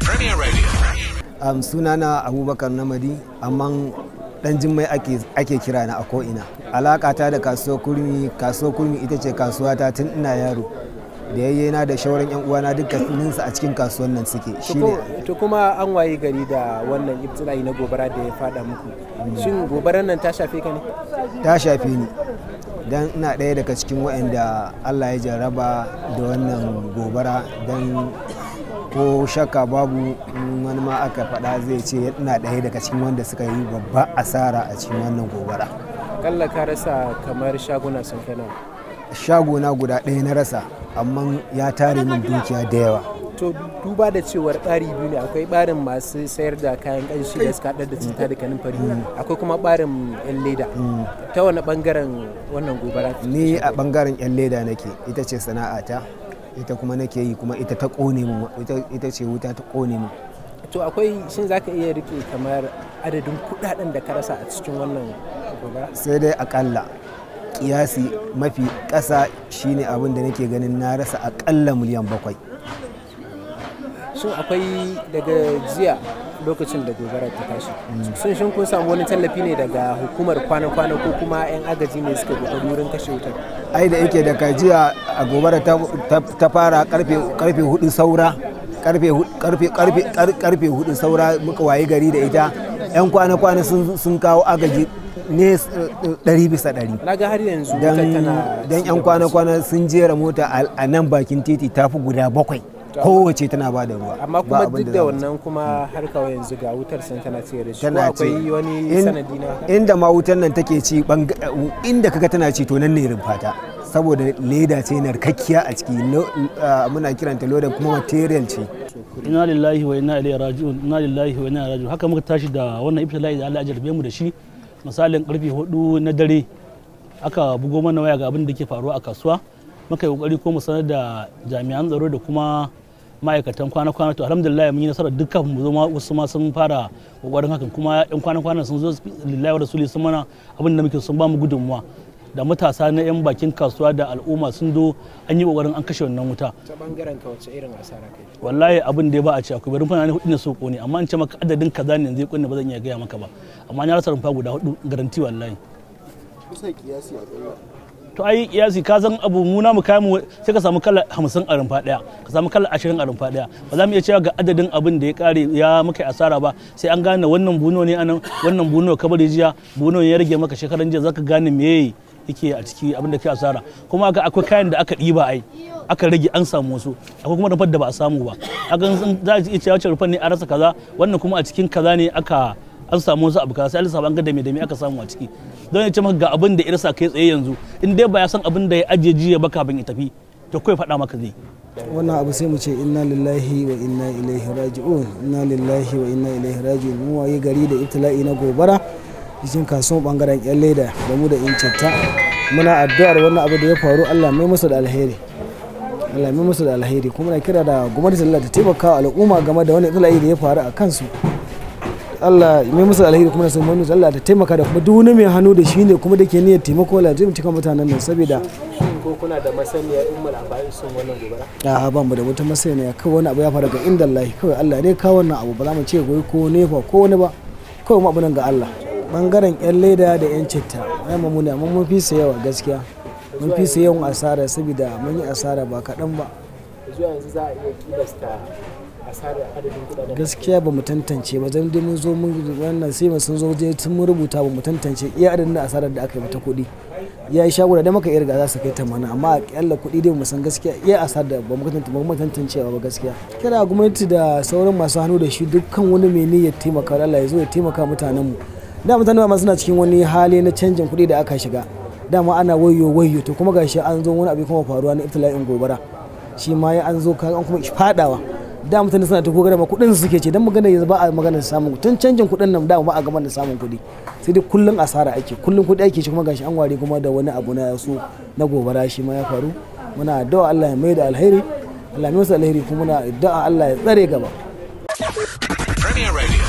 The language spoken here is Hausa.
Premier Radio. Um, sunana Abubakar Namadi, amman dan mai ake, ake kira na a ko'ina. Alakata da kaso kurmi, kaso kurmi ita ce kasuwata tun ina yaro. da yayye na da shauran yan uwana dukkanin su a cikin kasuwan nan suke shine to kuma an waye gari da wannan ibtila'i na gobara da ya fada muku shin gobaran nan ta shafe ka ne ta shafe ni dan ina daya daga cikin waɗanda Allah ya jarraba da wannan gobara dan ko shakka babu wani ma aka faɗa zai ce ina ɗaya daga cikin wanda suka yi babba asara a cikin wannan gobara kalla ka rasa kamar shaguna sun fi Shaguna guda ɗaya na rasa amma ya tare min dukiya da yawa to duba da cewar ɓari biyu ne akwai ɓarin masu sayar da kayan ƙanshi da suka haɗar da cinta da kanin fari mm. akwai kuma ɓarin yan leda mm. ta wani ɓangaren wannan gobara Ni a ɓangaren yan leda nake ita ce sana'ata ita kuma nake yi kuma ita ta kone mu ita ce wuta ta kone mu to akwai shin zaka iya rike kamar adadin kudaden da ka rasa a cikin wannan gobara sai dai akalla kiyasi mafi ƙasa shine abin da nake ganin na rasa akalla miliyan bakwai shin akwai daga jiya lokacin da gobarar ta tashi sun shin kun samu wani tallafi ne daga hukumar kwana-kwana ko kuma 'yan agaji ne suka kokari wurin kashe wutar ai da yake da kajiya a gobarar ta fara karfe hudu saura karfe hudu saura muka wayi gari da ita 'yan kwana-kwana sun kawo agaji ne ɗari bisa ɗari don 'yan kwana-kwana sun jera mota a nan bakin titi tafi guda bakwai kowace tana ba da ruwa amma kuma duk da wannan kuma har kawai yanzu ga wutar san tana ce da shi ko akwai wani sanadi na inda ma wutar nan take ci inda kaga tana ci to nan ne ta saboda leda ce narkakkiya a ciki ah, muna kiranta loda kuma material ce ina lillahi wa inna ilaihi raji'un ina lillahi wa inna raji'un haka muka tashi da wannan ibtila'i da Allah ya jarbe mu da shi misalin karfe 4 na dare aka bugo mana waya ga abin da ke faruwa a kasuwa muka yi kokari ko mu sanar da jami'an tsaro da kuma ma'aikatan kwana-kwana to alhamdulillah mun yi nasarar dukkan mu zo wasu ma sun fara kokarin hakan kuma yan kwana-kwana sun zo lillahi wa rasuli sun mana abin da muke sun ba mu gudunmuwa da matasa na 'yan bakin kasuwa da al'umma sun do an yi kokarin an kashe wannan wuta ta bangaren ka wace irin asara kai wallahi abin da ba a ce akwai barin fana ne hudu ne so kone amma an ce maka adadin kaza ne yanzu kunne ba zan iya gaya maka ba amma na rasa rumfa guda hudu garanti wallahi kusa kiyasi a to ai zai ka zan abu mu na mu kai mu sai ka samu kala 50 a rumfa daya ka samu kala 20 a rumfa daya ba za mu iya cewa ga adadin abin da ya kare ya maka asara ba sai an gane wannan buno ne anan wannan buno ka bari jiya buno ya rage maka shekaran jiya zaka gane me yake a ciki abin da ke asara kuma ga akwai kayan da aka diba ai aka rage an samu wasu akwai kuma rufar da ba a samu ba aka za a iya cewa rufar ne a rasa kaza wannan kuma a cikin kaza ne aka an samu wasu abu kaza sai an lissafa an ga da me da me aka samu a ciki don ya ce maka ga abin da irsa kai tsaye yanzu in dai ba ya san abin da ya ajiye jiya ba kafin ya tafi to kai faɗa maka zai wannan abu sai mu ce inna lillahi wa inna ilaihi raji'un inna lillahi wa inna ilaihi raji'un mu waye gari da ibtila'i na gobara cikin kasuwan bangaren yan leda da mu da incinta muna addu'ar wannan abu da ya faru Allah mai musu da alheri Allah mai musu da alheri kuma na kira da gwamnati da ta taimaka al'umma game da wani ibtila'i da ya faru a kansu Allah mai musu alheri kuma nasu manu Allah ta taimaka da kuma duk wani mai hannu da shi ne kuma da ke niyyar taimako Allah zai mutuka mutanen nan saboda ko kuna da masaniyar in malabarin sun wannan gobara a'a ba mu da wata masaniya kawai wani abu ya faru ga inda Allah kawai Allah ne kawo wannan abu ba za mu ce goyi ko nefa ko wani ba kawai mu abu nan ga Allah bangaren yan leda da yan citta ai mu ne amma mun fi sayawa gaskiya mun fi sayawan asara saboda mun yi asara ba kaɗan ba zuwa yanzu za a iya kibasta gaskiya ba mu tantance ba zan dai mun zo mun wannan sai sun zo je tun mun rubuta ba mu tantance iya adadin da asarar da aka yi ta kuɗi ya yi shagura da maka irga za su kai tamana amma a kyalla kuɗi dai mu san gaskiya iya asarar da ba mu tantance ba gaskiya kira gwamnati da sauran masu hannu da shi dukkan wani mai niyyar taimaka Allah ya zo ya taimaka mutanen mu da mutane ma suna cikin wani hali na canjin kuɗi da aka shiga dama ana wayo wayo to kuma gashi an zo wani abu kuma faruwa na iftila'in gobara shi ma ya an zo an kuma fadawa da mutane suna ta kogara ma kudin suke ce dan magana yanzu ba a magana samun tun canjin kudin nan da ba a gaban da samun kuɗi sai dai kullun asara ake kullun kuɗi ake shi kuma gashi an ware kuma da wani abu na yaso na gobara shi ma ya faru muna addu'a Allah ya mai da alheri Allah ya masa alheri kuma muna addu'a Allah ya tsare gaba Premier Radio